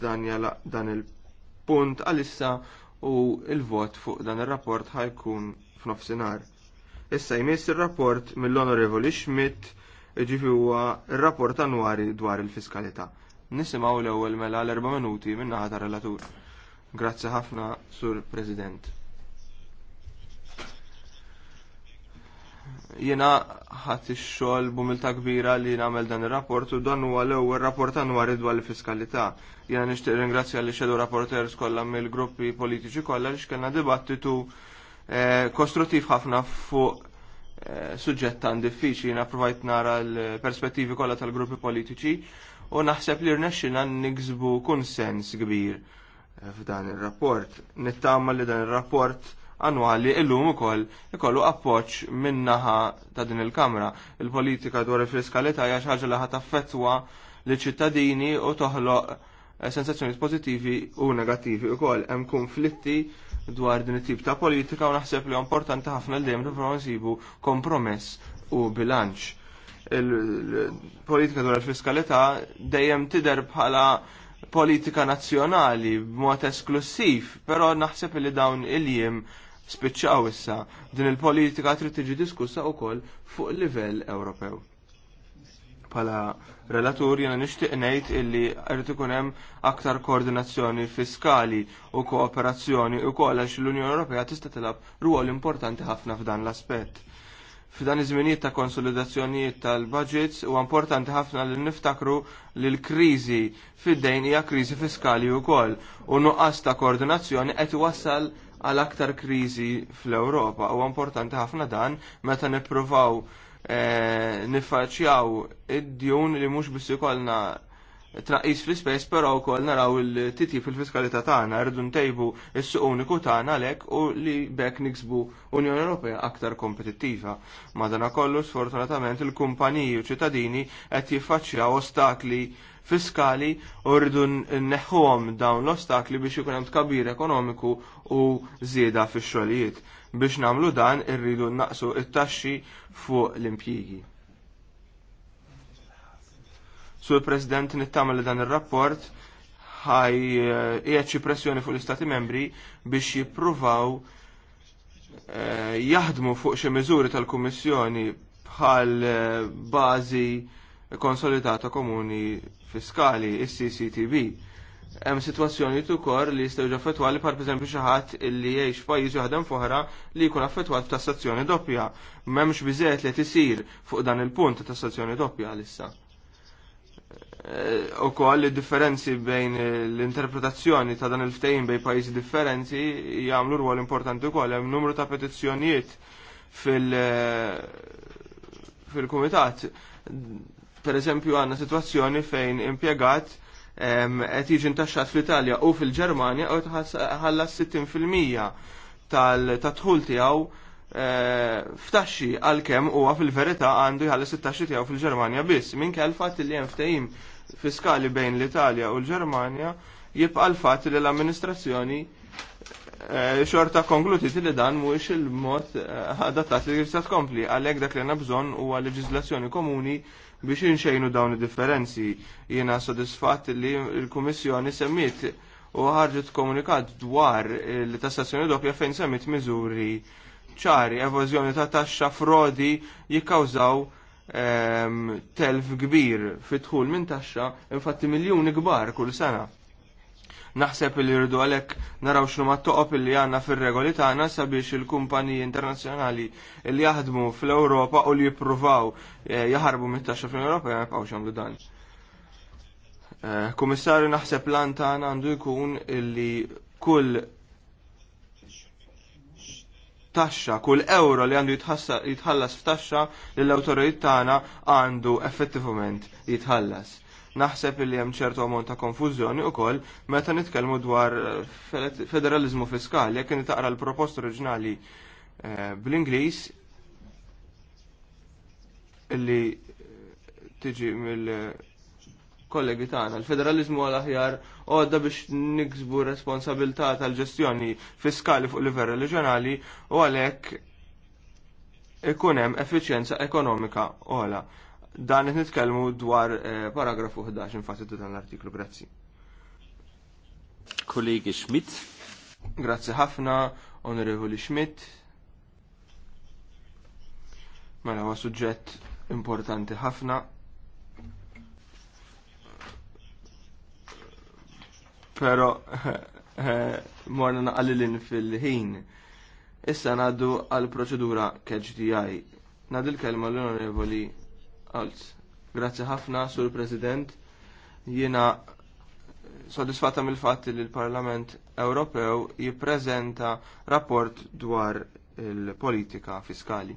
dan jala dan il-punt għalissa u il-vot fuq dan il-rapport ħajkun f'nofsinhar. Issa jmiss il-rapport mill-Onorevoli Schmidt ġifi huwa il-rapport annwari dwar il-fiskalità. Nisimaw l-ewwel mela l-erba' minuti min-naħa relatur Grazzi ħafna, Sur President. Jena ħat ix-xogħol b'umilta kbira li nagħmel dan ir-rapport u dan huwa l-ewwel rapport annwali dwar il fiskalità Jena nixtieq ringrazzja li xedu rapporters kollha mill-gruppi politiċi kollha li x'kellna dibattitu eh, kostruttiv ħafna fuq eh, suġġett tan diffiċi jiena provajt nara l-perspettivi kollha tal-gruppi politiċi u naħseb li rnexxina niksbu kunsens kbir eh, f'dan ir-rapport. Nittama li dan ir-rapport annwali illum ukoll ikollu appoġġ min-naħa ta' din il-Kamra. Il-politika dwar il-fiskalità hija xi ħaġa li ħadd affettwa liċ-ċittadini u toħloq eh, sensazzjonijiet pożittivi u negattivi ukoll hemm konflitti dwar din it-tip ta' politika u naħseb li importanti ħafna l dejjem nipprovaw nsibu kompromess u bilanċ. Il-politika dwar il-fiskalità dejjem tidher bħala politika nazzjonali b'mod esklusiv, però naħseb li dawn il-jiem spiċċaw issa. Din il-politika trid tiġi diskussa wkoll fuq livell Ewropew. Pala relatur jena nixtieq ngħid illi qed ikun hemm aktar koordinazzjoni fiskali u kooperazzjoni wkoll għax l-Unjoni Ewropea tista' tilab rwol importanti ħafna f'dan l-aspett. F'dan iż-żminijiet ta' konsolidazzjonijiet tal-budgets huwa importanti ħafna li niftakru li l-kriżi fid-dejn hija kriżi fiskali wkoll u nuqqas ta' koordinazzjoni qed iwassal għal aktar kriżi fl-Ewropa. Huwa importanti ħafna dan meta nippruvaw eh, nifaċjaw id-djun li mhux biss ikollna traqis fl-ispess però wkoll naraw il-titjib fil-fiskalità tagħna rridu ntejbu s-suq uniku tagħna għalhekk u li bekk niksbu Unjoni Ewropea aktar kompetittiva. Madanakollu sfortunatament il-kumpaniji u ċittadini qed jiffaċċjaw ostakli fiskali u rridu neħħuhom dawn l-ostakli biex ikun hemm tkabbir ekonomiku u żieda fix-xogħlijiet. Biex nagħmlu dan irridu naqsu it-taxxi fuq l-impjigi. Sur President nittama li dan ir-rapport ħaj eh, jieċi pressjoni fuq l-Istati membri biex jippruvaw eh, jaħdmu fuq xi miżuri tal-Kummissjoni bħal eh, bażi konsolidata komuni fiskali, il cctv Hemm sitwazzjoni tukor li jistgħu affettwali par pereżempju xi ħadd illi jgħix pajjiż jaħdem foħra li jkun affettwat tassazzjoni doppja. M'hemmx biżejjed li tisir fuq dan il-punt ta' tassazzjoni doppja l-issa. Eh, u koll differenzi bejn l-interpretazzjoni ta' dan il-ftejn bejn pajjiżi differenzi jagħmlu rwol importanti wkoll hemm numru ta' petizzjonijiet fil- fil-kumitat. Per eżempju għandna sitwazzjoni fejn impjegat qed jiġi ntaxxat fl-Italja u fil-Ġermanja u tħallas 60% tal-tadħul tiegħu eh, ftaxxi għal kemm huwa fil-verità għandu jħalli 16 tiegħu fil-Ġermanja biss. Minn kell fatt li hemm ftehim fiskali bejn l-Italja u l-Ġermanja jibqa' l-fatt li l-amministrazzjoni eh, xorta konklutit li dan mhuwiex il-mod eh, adattat li se tkompli għalhekk dak li għandna bżonn huwa leġiżlazzjoni komuni biex inxejnu dawn id-differenzi. Jiena sodisfatt li l-Kummissjoni semmiet u ħarġet komunikat dwar l-tassazzjoni doppja fejn semmiet miżuri ċari, evażjoni ta' taxxa frodi jikkawżaw telf kbir fitħul minn taxxa, infatti miljuni kbar kull sena. Naħseb li rridu għalhekk naraw x'nu ma toqob li għandna fir-regoli tagħna sabiex il-kumpaniji internazzjonali li jaħdmu fl-Ewropa u li jippruvaw eh, jaħarbu mit-taxxa fl-Ewropa ma jibqgħux dan. Eh, kummissarju naħseb lan tagħna għandu jkun illi kull taxxa, kull euro li għandu jitħallas f'taxxa li l-autorit tagħna għandu effettivament jitħallas. Naħseb li hemm ċertu ammont ta' konfużjoni wkoll meta nitkellmu dwar eh, federalizmu fiskali jekk taqra l-propost oriġinali eh, bl-Ingliż Illi eh, tiġi mill-kollegi tagħna. L-federalizmu għal aħjar għodda biex niksbu responsabilità tal-ġestjoni fiskali fuq livell reġjonali u għalhekk ikun hemm effiċjenza ekonomika ola. Dan qed nitkellmu dwar eh, paragrafu 11 infatti dan l-artiklu. Grazzi. Kollegi Schmidt. Grazzi ħafna, Onorevoli Schmidt. Mela huwa suġġett importanti ħafna pero eh, morna naqalilin fil-ħin. Issa naddu għal proċedura KGTI. Naddu l-kelma l-onorevoli Alz. Grazzi ħafna, Sur President. Jiena sodisfatta mill fat li l-Parlament Ewropew jipprezenta rapport dwar il-politika fiskali.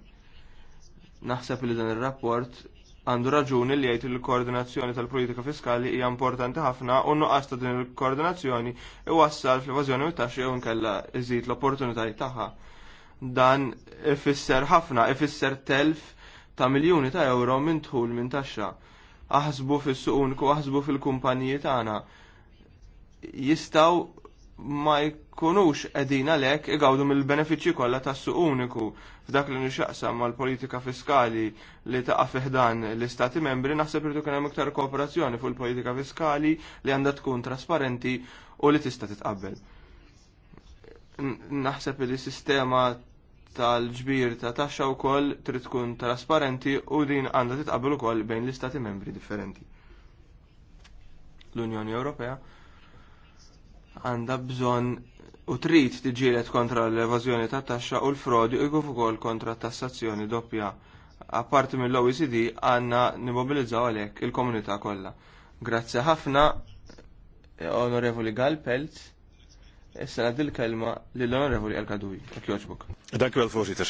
Naħseb li dan ir rapport għandu raġuni li jgħid il-koordinazzjoni tal-politika fiskali hija importanti ħafna u nuqqas ta' din il-koordinazzjoni iwassal fl-evażjoni u taxxi u nkella iżid l-opportunitajiet tagħha. Dan ifisser ħafna, ifisser telf ta' miljuni ta' euro minn dħul minn taxxa. Aħsbu fis-suqunku, aħsbu fil-kumpaniji tagħna. Jistgħu ma jkunux edin għalek igawdu mill-benefiċċji kollha ta' suq uniku f'dak li nixaqsam mal-politika fiskali li taqa' fiħdan l-Istati membri naħseb li kien hemm iktar kooperazzjoni fuq il-politika fiskali li għandha tkun trasparenti u li tista' titqabbel. Naħseb li sistema tal-ġbir ta' taxxa wkoll trid tkun trasparenti u din għandha titqabbel ukoll bejn l-Istati membri differenti. L-Unjoni Ewropea għandha bżonn u trid tiġielet kontra l-evażjoni tat taxxa u l-frodi u jkun ukoll kontra tassazzjoni doppja. Apparti mill-OECD għandna nimmobilizzaw għalhekk il-komunità kollha. Grazzi ħafna Onorevoli Galpelt. Issa għad il-kelma l-Onorevoli Al-Kaduj, jogħġbok. Dank għal voorzitter.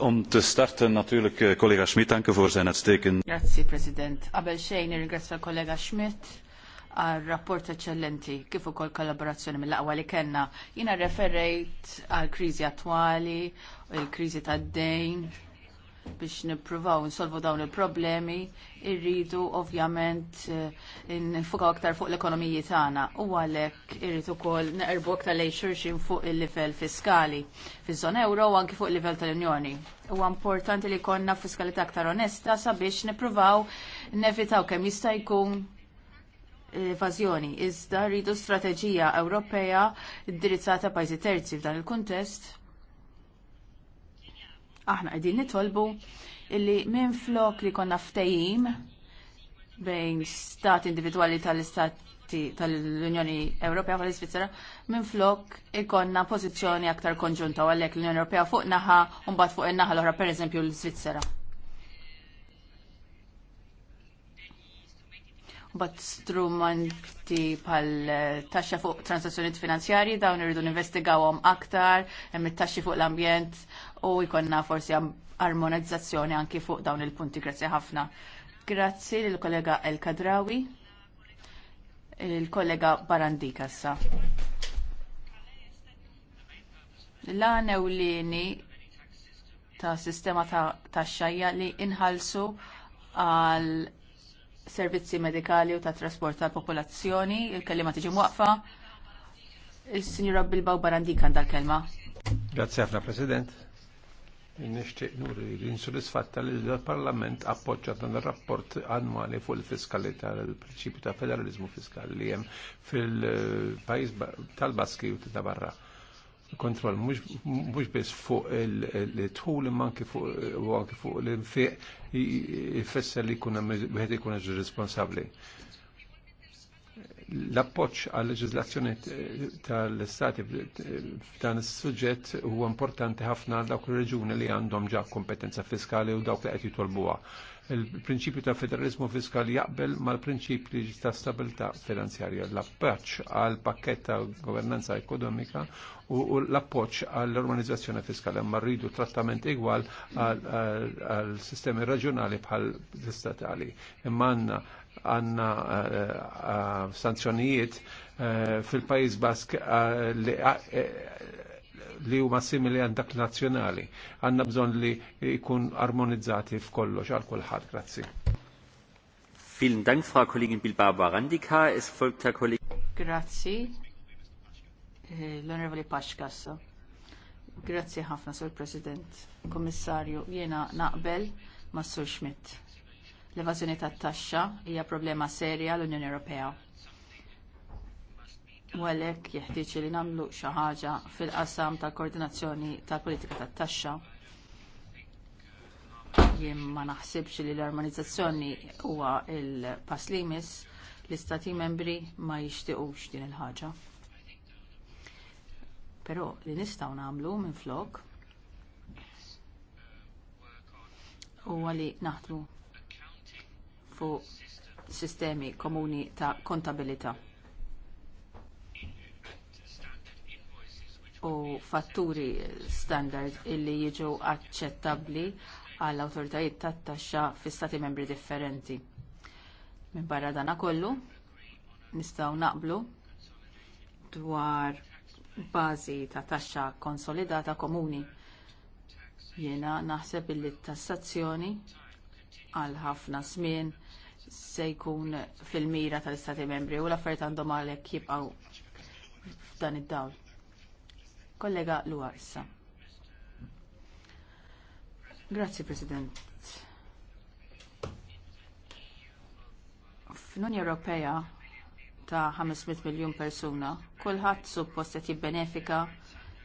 om te starten kollega eh, collega Schmidt anke voor zijn steken. Grazzi, president. Qabel xejn irringrazzja l-kollega Schmidt għal rapport eccellenti kif ukoll kollaborazzjoni mill-aqwa li kellna. Jiena referejt għal kriżi attwali, il-kriżi tad-dejn biex nippruvaw nsolvu dawn il-problemi, irridu ovvjament eh, nfukaw aktar fuq l-ekonomiji tagħna u għalhekk irrid ukoll neqerbu aktar lejn xurxin fuq il-livell fiskali fiż-żona euro u anki fuq il-livell tal-Unjoni. Huwa importanti li jkollna fiskalità aktar onesta sabiex nippruvaw nevitaw kemm jista' jkun evażjoni. Iżda rridu strateġija Ewropea indirizzata pajjiżi terzi f'dan il-kuntest. Aħna qegħdin nitolbu illi minn flok li konna ftehim bejn stat individwali tal-istati tal-Unjoni Ewropea tal iżvizzera minn flok ikonna pożizzjoni aktar konġunta għalhekk l-Unjoni Ewropea fuq naħa u mbagħad fuq in-naħa l-oħra pereżempju l iżvizzera bat strumenti pal taxxa fuq transazzjonijiet finanzjarji dawn irridu investigawhom aktar, hemm it-taxxi fuq l-ambjent u jkollna forsi armonizzazzjoni anki fuq dawn il-punti. Grazzi ħafna. Grazzi lill kollega El Kadrawi, il-kollega Barandika sa. l newlini ta' sistema ta' taxxajja li inħalsu għal servizzi medikali u ta' trasport tal-popolazzjoni, il-kelima tiġi mwaqfa. Il-Sinjura Bilbaw Barandika għandha dal kelma Grazzi ħafna President. Nishtiq nuri l-insoddisfatta li l-Parlament appoġġa dan ir-rapport annwali fuq il-fiskalità l-prinċipju ta' federalizmu fiskali li hemm fil-pajjiż tal-Baski u ta' barra kontroll mhux biss fuq il-tħul imma anke fuq fuq l-infiq jfisser li jkun hemm wieħed ikun responsabbli l-appoċ għal leġizlazzjoni tal istati f'dan is-suġġett huwa importanti ħafna għal dawk ir-reġuni li għandhom ġa kompetenza fiskali u dawk li qed jitolbuha il-prinċipju ta' federalizmu fiskali jaqbel mal-prinċipju ta' stabilità finanzjarja, l-appoċ għal pakketta governanza ekonomika u l-appoċ għall-organizzazzjoni fiskali, ma rridu trattament igwal għal sistemi raġjonali bħal istatali. Imma għanna għanna eh, eh, sanzjonijiet eh, fil-Pajis Bask li li huma simili għand dak nazzjonali. Għandna bżonn li jkun armonizzati f'kollox għal kulħadd. Grazzi. Vielen Dank, Frau Kollegin Bilbao Randika. Es folgt Herr Kollege. Grazzi. Eh, L-Onorevoli Paxkassa. Grazzi ħafna, Sur President. Kommissarju, jiena naqbel ma' Sur Schmidt. L-evażjoni tat-taxxa hija problema serja l-Unjoni Ewropea U għalhekk jeħtieġ li nagħmlu xi ħaġa fil-qasam tal-koordinazzjoni tal-politika tat-taxxa jien ma naħsibx li l-armonizzazzjoni huwa il-pass li jmiss l-istati membri ma jixtiequx din il-ħaġa. Però li nistgħu nagħmlu minflok huwa li naħdmu fuq sistemi komuni ta' kontabilità. u fatturi standard illi jiġu aċċettabbli għall awtoritajiet tat-taxxa fi stati membri differenti. Minn barra dana kollu, nistgħu naqblu dwar bażi ta' taxxa konsolidata komuni. Jiena naħseb illi t tassazzjoni għal ħafna żmien se jkun fil-mira tal-Istati membri u l-affarijiet għandhom għalhekk jibqgħu f'dan id-dawl kollega Luarsa. Grazzi, President. F'Unjoni Ewropea ta' 500 miljun persuna, kulħadd suppost qed jibbenefika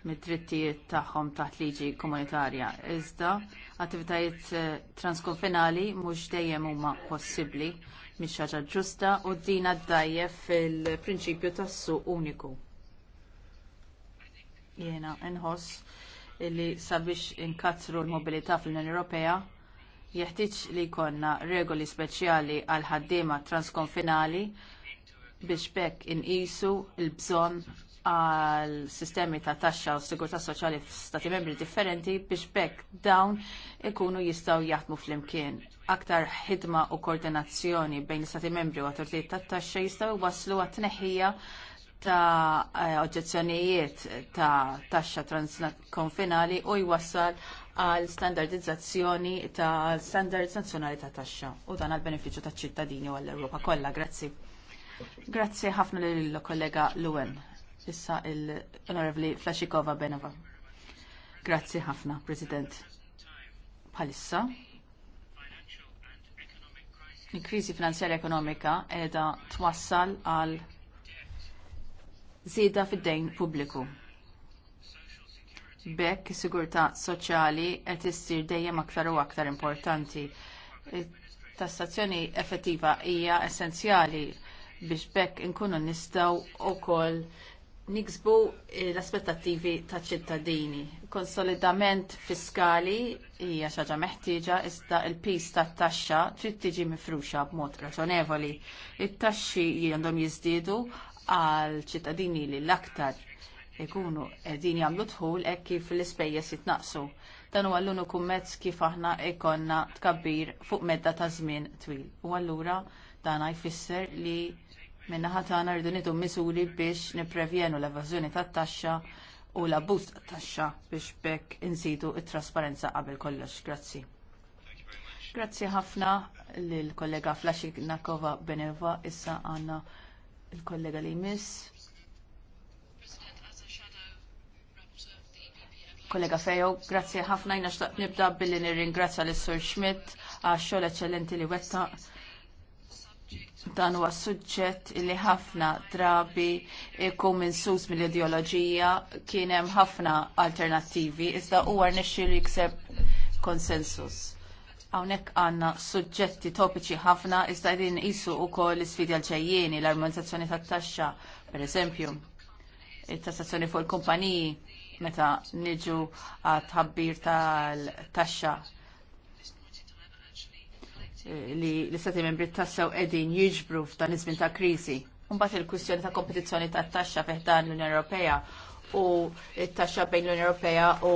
mid-drittijiet tagħhom taħt liġi komunitarja. Iżda attivitajiet eh, transkonfinali mhux dejjem huma possibbli mhix ħaġa ġusta u dina ddajjef fil-prinċipju tas-suq uniku. Jiena nħoss li sabiex inkatru l-mobilità fl-Unjoni Ewropea jeħtieġ li jkollna regoli speċjali għal ħaddiema transkonfinali biex bekk inqisu l-bżonn għal sistemi ta' taxxa u sigurtà soċjali f'stati membri differenti biex bekk dawn ikunu jistgħu jaħdmu flimkien. Aktar ħidma u koordinazzjoni bejn l-istati membri u autoritajiet tat-taxxa jistgħu waslu għat-tneħħija ta' eh, oġġezzjonijiet ta' taxxa transkonfinali u jwassal għal standardizzazzjoni ta' standards nazzjonali ta' taxxa u dan għal beneficju ta' ċittadini u għall europa kollha. Grazzi. Grazzi ħafna lill kollega Luen. Issa l onorevli Flashikova Benova. Grazzi ħafna, President. Palissa. Il-krizi finanzjarja ekonomika edha twassal għal żieda fid-dejn pubbliku. B'hekk is-sigurtà soċjali qed issir dejjem aktar u aktar importanti. Tassazzjoni effettiva hija essenzjali biex bekk inkunu nistgħu wkoll niksbu l-aspettattivi ta' ċittadini. Konsolidament fiskali hija xaġa meħtieġa iżda l-pis tat taxxa trid tiġi mifruxa b'mod raġonevoli. It-taxxi għandhom jiżdiedu għal ċittadini li l-aktar ikunu qegħdin jagħmlu dħul hekk kif l-ispejjeż jitnaqsu. Dan huwa l-uniku mezz kif aħna ikonna tkabbir fuq medda ta' żmien twil. U allura dan jfisser li minnaħa tagħna rridu nitu miżuri biex nipprevenu l-evażjoni tat-taxxa u l-abbuż tat-taxxa biex bekk insidu t trasparenza qabel kollox. Grazzi. Grazzi ħafna lill kollega Flashik Nakova Beneva issa għandna il-kollega li jmiss. Kollega Fejo, grazzi ħafna jina xtaqt nibda billi nirringrazzja l sur Schmidt għax xogħol eċċellenti li wetta. Dan huwa suġġett li ħafna drabi ikun sus mill-ideoloġija kien hemm ħafna alternattivi iżda huwa rnexxi li jikseb konsensus. Hawnhekk għandna suġġetti topiċi ħafna iżda qegħdin u wkoll l-isfidi għal-ġejjieni l-armonizzazzjoni tat-taxxa, pereżempju, it-tassazzjoni fuq il-kumpaniji meta niġu għat ħabbir tal-taxxa li l-istati membri tassew edin jiġbru f'dan iż-żmien ta' kriżi. Mbagħad il-kwistjoni ta' kompetizzjoni tat-taxxa fih dan l-Unjoni Ewropea u t-taxxa bejn l-Unjoni Ewropea u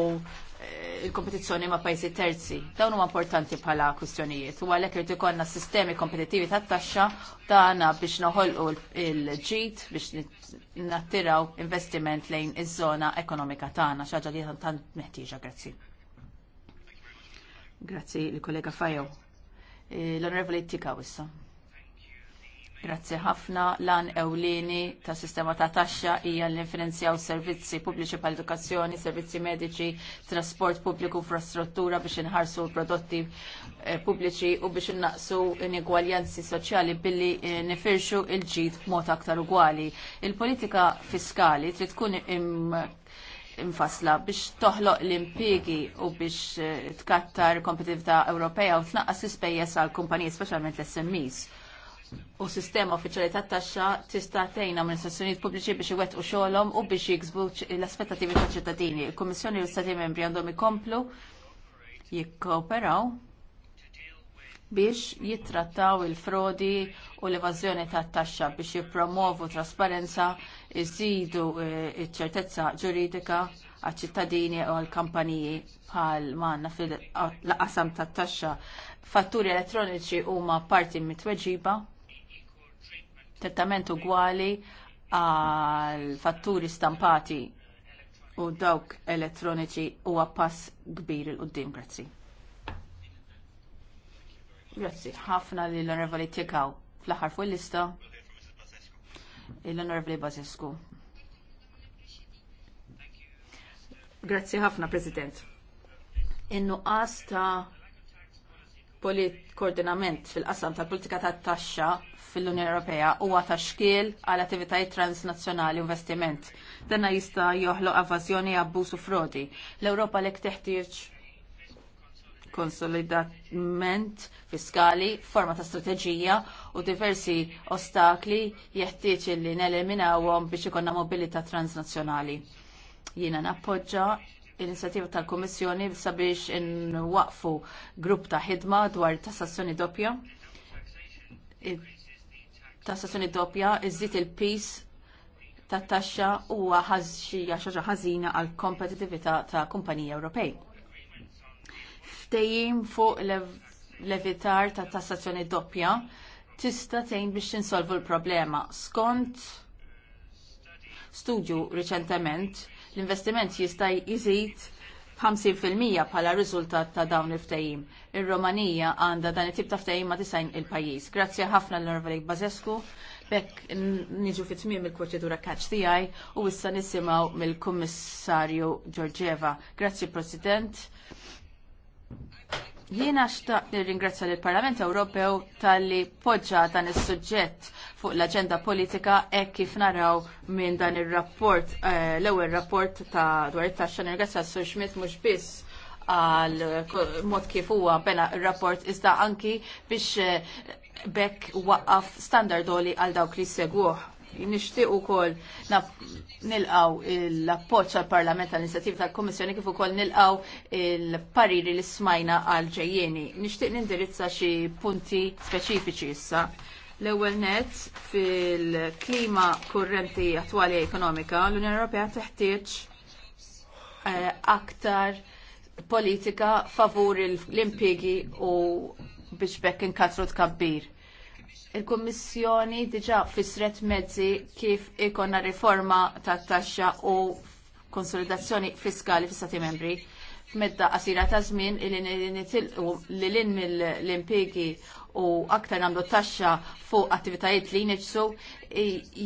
il-kompetizzjoni ma' pajjiżi terzi. Dawn huma importanti bħala kwistjonijiet. U għalhekk irid ikollna sistemi kompetittivi tat-taxxa tagħna biex noħolqu l-ġid biex nattiraw investiment lejn iż-żona ekonomika tagħna xi ħaġa li tant meħtieġa grazzi. Grazzi il kollega Fajo. Eh, L-Onorevoli Tika issa. Grazzi ħafna lan ewlieni ta' sistema ta' taxxa hija l-infinanzjaw servizzi pubbliċi pal edukazzjoni servizzi mediċi, trasport pubbliku, infrastruttura biex inħarsu prodotti eh, pubbliċi u biex innaqsu inigwaljanzi soċjali billi eh, nifirxu il-ġid b'mod aktar ugwali. Il-politika fiskali trid tkun infasla biex toħloq l-impiegi u biex eh, tkattar kompetitività Ewropea u tnaqqas l ispejjeż għal kumpaniji speċjalment l-SMEs u sistema uffiċjali tat taxxa tista' tgħin amministrazzjonijiet pubbliċi biex iwettqu xogħolhom u biex jiksbu l-aspettattivi taċ ċittadini. Il-Kummissjoni u l-Stati membri għandhom ikomplu jikkooperaw biex jittrattaw il-frodi u l-evażjoni tat taxxa biex jippromovu trasparenza, iżidu e, iċ ċertezza ġuridika għal-ċittadini u għal-kampaniji bħal manna fil-qasam tat taxxa fatturi elettroniċi huma parti mitweġiba trattament ugwali għal fatturi stampati u dawk elettroniċi huwa pass kbir il qudiem grazzi. Grazzi, ħafna li l-onorevoli tiekaw fl-aħħar fuq il-lista l-onorevoli Bazesku. Grazzi ħafna, President. In-nuqqas ta' koordinament fil-qasam tal-politika tat taxxa fil-Unjoni Ewropea huwa ta' xkiel għal attivitajiet transnazzjonali u investiment. Danna jista' joħloq avażjoni abbuż u frodi. L-Ewropa lek teħtieġ konsolidament fiskali, forma ta' strateġija u diversi ostakli jeħtieġ li neliminawhom biex ikonna mobilità transnazzjonali. Jiena nappoġġa l-inizjattiva tal kummissjoni sabiex inwaqfu grupp ta' ħidma dwar tassazzjoni doppja ta' sessjoni doppja iżid il-pis ta' taxxa huwa ħaxxija xaġa ħażina għal kompetitività ta' kumpaniji Ewropej. Ftejjim fuq levitar ta' tassazzjoni doppja tista' tgħin biex tinsolvu l-problema. Skont studju riċentement l-investiment jista' jżid 50% bħala riżultat ta' dawn il-ftajim. Ir-Romanija għandha dan it-tip ta' ftajim ma' disajn il-pajjiż. Grazzi ħafna l-Norvelik Bazesku, bekk niġu fit tmiem il-proċedura catch tiegħi u issa nisimgħu mill-Kummissarju Giorgieva. Grazzi President. Jiena nir nirringrazzja lill parlament Ewropew talli poġġa dan is-suġġett fuq l-agenda politika e kif naraw minn dan il-rapport, eh, l-ewel rapport ta' dwar it-taxxa nergazza s Schmidt mhux biss għal mod kif huwa bena rapport iżda anki biex eh, bekk waqqaf standardoli għal dawk li segwuħ. Nishtiq u kol nilqaw l-appoċ għal parlament tal inizjativ tal-Komissjoni kif ukoll nilqaw il-pariri li smajna għal ġejjeni. Nishtiq nindirizza xi punti speċifiċi issa. L-ewwel net fil-klima kurrenti attwali ekonomika, l-Unjoni Ewropea teħtieġ eh, aktar politika favur l-impjegi u biex bekk inkatru tkabbir. Il-Kummissjoni diġa fisret mezzi kif ikonna riforma tat-taxxa u konsolidazzjoni fiskali fis-Stati membri medda qasira ta' żmien li nitilqu li mill-impjegi u aktar għandu taxxa fuq attivitajiet li jneġsu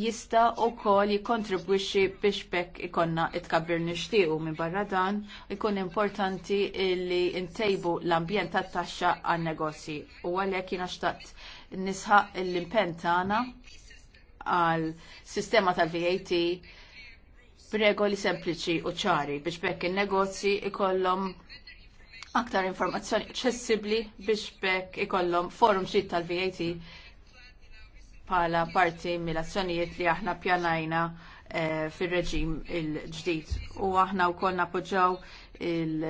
jista wkoll jikkontribwixxi biex bekk ikonna itkabbir nixtiequ minn barra dan ikun importanti li ntejbu l-ambjent tat-taxxa għan-negozji u għalhekk jiena xtaqt nisħaq l-impenn tagħna għal sistema tal-VAT b'regoli sempliċi u ċari biex bekk in-negozji ikollhom aktar informazzjoni ċessibli biex bekk ikollhom forum xit tal-VAT bħala parti mill-azzjonijiet li aħna pjanajna e, fir-reġim il-ġdid. U aħna wkoll napoġġaw il-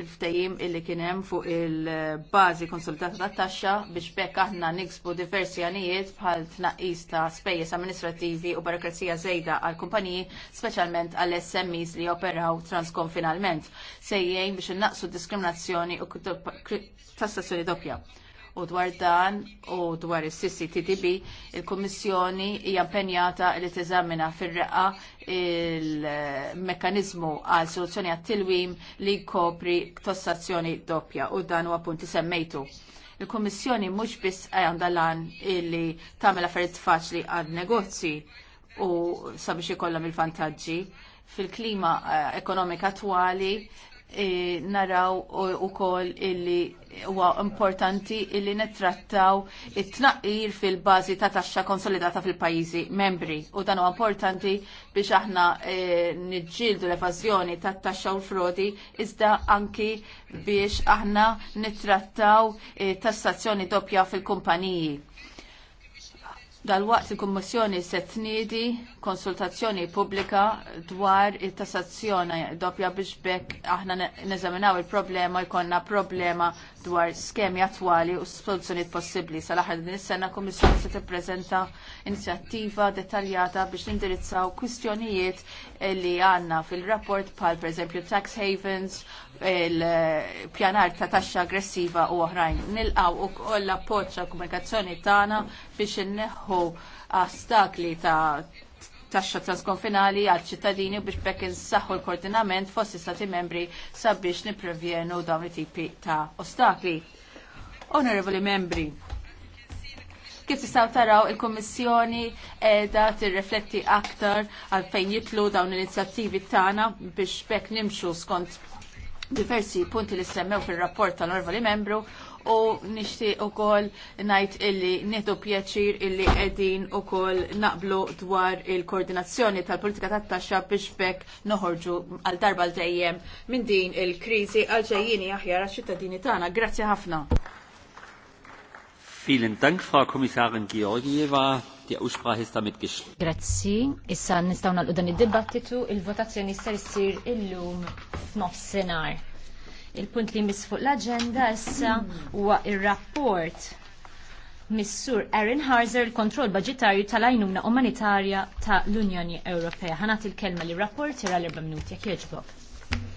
il-ftajim illi kienem fuq il-bazi konsultata ta' taxxa biex bekk aħna niksbu diversi għanijiet bħal tnaqqis ta' spejjeż amministrativi u barokrazija żejda għal kumpaniji, speċjalment għal SMEs li operaw transkonfinalment, sejjejn biex innaqsu diskriminazzjoni u tassazzjoni doppja u dwar dan u dwar is TTB, il-Kummissjoni hija impenjata li teżamina fir reqqa il-mekanizmu għal soluzzjoni għat-tilwim li jkopri tossazzjoni doppja u dan huwa punti semmejtu il kummissjoni mhux biss għandha lan illi tagħmel affarijiet faċli għad negozji u sabiex ikollhom il-vantaġġi fil-klima eh, ekonomika attwali E, naraw u kol illi huwa importanti illi nittrattaw it-tnaqqir fil-bazi ta' taxxa konsolidata fil-pajjiżi membri u dan huwa importanti biex aħna e, niġġieldu l-evażjoni ta' taxxa u frodi iżda anki biex aħna nittrattaw e, tassazzjoni doppja fil-kumpaniji. Dal-waqt il-Kommissjoni se tniedi konsultazzjoni pubblika dwar it-tassazzjoni doppja biex bekk aħna neżaminaw il-problema jkollna problema dwar skemi attwali u soluzzjonijiet possibbli. Sal-aħħar din is-sena Kummissjoni se tippreżenta inizjattiva dettaljata biex nindirizzaw kwistjonijiet li għandna fil-rapport bħal pereżempju tax havens il-pjanar ta' taxxa aggressiva u oħrajn. Nilqaw u koll appoċċa komunikazzjoni tagħna biex inneħħu ostakli ta' taxxa transkonfinali għal ċittadini biex bekk insaħħu l-koordinament fost istati membri sabiex niprevjenu dawn it-tipi ta' ostakli. Onorevoli membri, kif tistgħu taraw il kummissjoni qiegħda tirrifletti aktar għal fejn jitlu dawn l-inizjattivi tagħna biex bekk nimxu skont diversi punti li semmew fil-rapport tal li Membru u nishti u kol najt illi nieħdu pjaċir illi edin u kol naqblu dwar il-koordinazzjoni tal-politika tat taxxa biex bekk noħorġu għal darba l dejjem minn din il-krizi għal ġejjini aħjar għax-ċittadini tagħna. Grazzi ħafna. Vielen Dank, Frau Kommissarin Georgieva. Die u ist damit mitkix. Grazzi, issa nistgħu nagħlqu dan id-dibattitu, il-votazzjoni ser issir illum f'nofsinhar. Il-punt li jmiss fuq l-aġenda issa huwa il rapport Missur Erin Harzer il-kontroll budgetarju tal-għajnuna umanitarja ta' l-Unjoni Ewropea. Ħanat il-kelma li rapport ira l-erba' minuti jekk